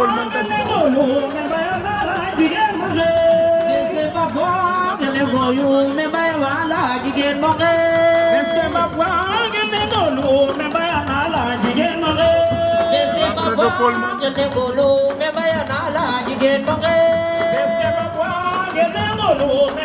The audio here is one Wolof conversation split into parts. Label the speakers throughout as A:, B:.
A: Paul Mancasi. Dese ba boo ngeen goyu me bay wala jigéen mo nge. Dese ba boo ngeen golu me bay wala jigéen mo nge. Dese ba boo ngeen golu me bay wala jigéen mo nge. Dese ba boo ngeen golu me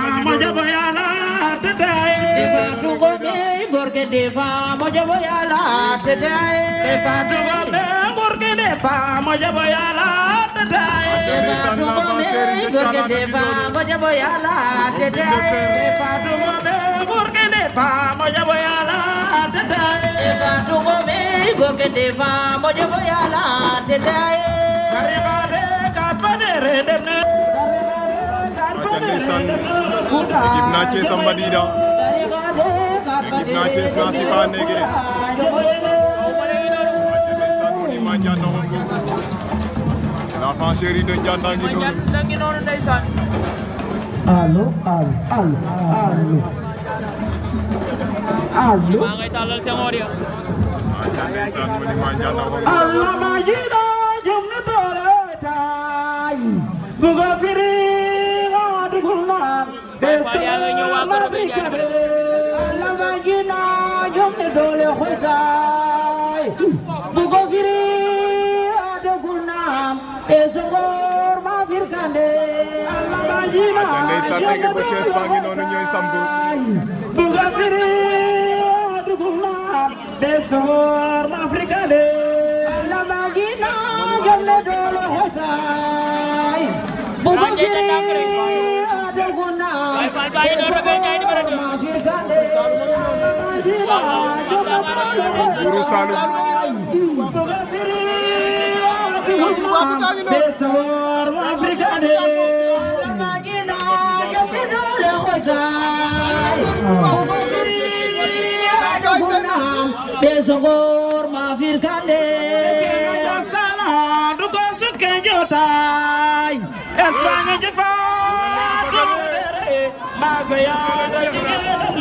A: mo jaɓo yala artete ay defatungo ɓe gorke defa mo jaɓo yala artete ay defatungo ɓe gorke defa mo jaɓo yala artete ay defatungo ɓe gorke defa mo jaɓo yala artete ay defatungo ɓe gorke defa mo jaɓo yala artete ay defatungo ɓe gorke defa mo jaɓo yala artete ay kariɓaɓe kafanere ndemne and they son they give chase somebody down. give no allo allo allo allo allo ma ngay ndeysaan léegi ba Thiès baa ngi noonu ñooy sambu buga siri suguma de soor ma Afrika de la magi na jomle dolo hesay buga siri adeguna Guru Saloum buga siri suguma de soor ma Afrika de be songor ma firkande sala du ko sut ke jotay espagne je fa do tere ma ko ya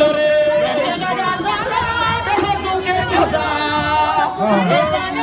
A: lore sala du ko sut ke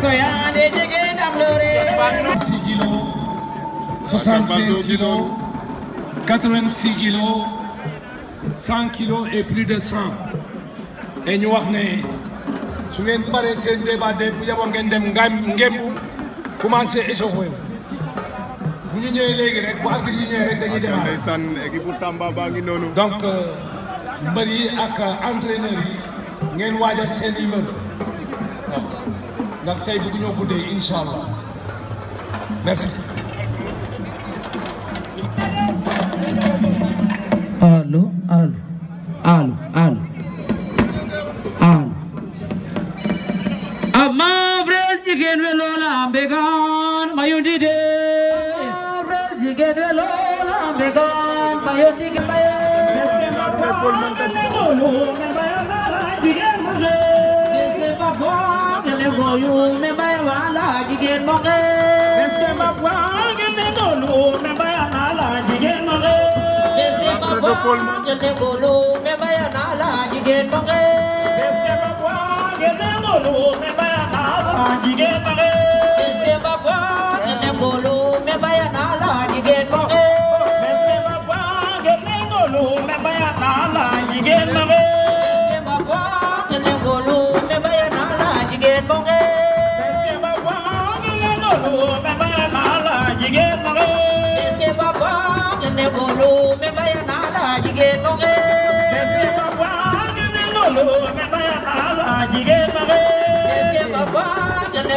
A: goyaade 6 kilos 76 kilos 86 kilos 100 kilos et plus de 100 et ñu wax ne su ngeen paree seen débat de bu yaboo ngeen dem ngembu commencé commencer bu ñu ñëwee léegi rek bu arbitre yi rek dañuy démarrer donc euh, Marie et ak entraîneur yi ngeen waajal seen i ndax tay bu ñoo guddé inshallah merci. allo allo allo allo allo. amma brez jigéen we loola mayundi de. amma brez jigéen we loola mbegaan ke de. you me by one large again, Mugger. Let's them up one and me by an large Let's them up one me by an large Let's them up one me by an large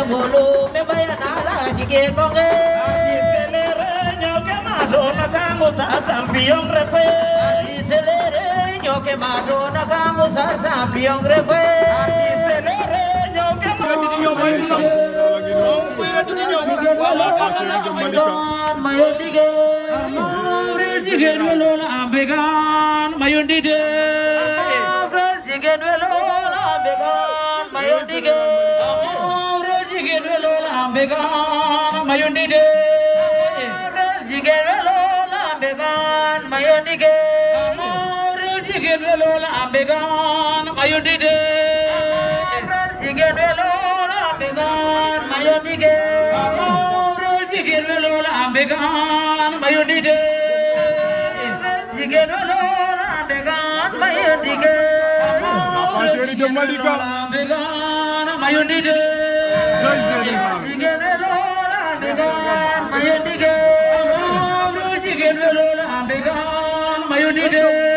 A: ngolo me bayana la jige bonge ajiselere nyoke madona kango sasa mbiong refe ajiselere nyoke madona kango sasa mbiong refe ajiselere nyoke madona mayondige amore jigen welo la ambegan mayondide amore jigen welo la ambegan mayondige lambe gan ma yondi de jigéen welo lambe gan ma yondi ge amor jigéen welo lambe gan ma yondi de jigéen welo lambe gan ma yondi ge amor jigéen welo lambe gan ma yondi de jigéen welo lambe gan ma yondi ge amor jigéen welo lambe gan ma yondi de jigéen welool a ndegaan mayu ndigéen moom jigéen welool a ndegaan mayu ndigéen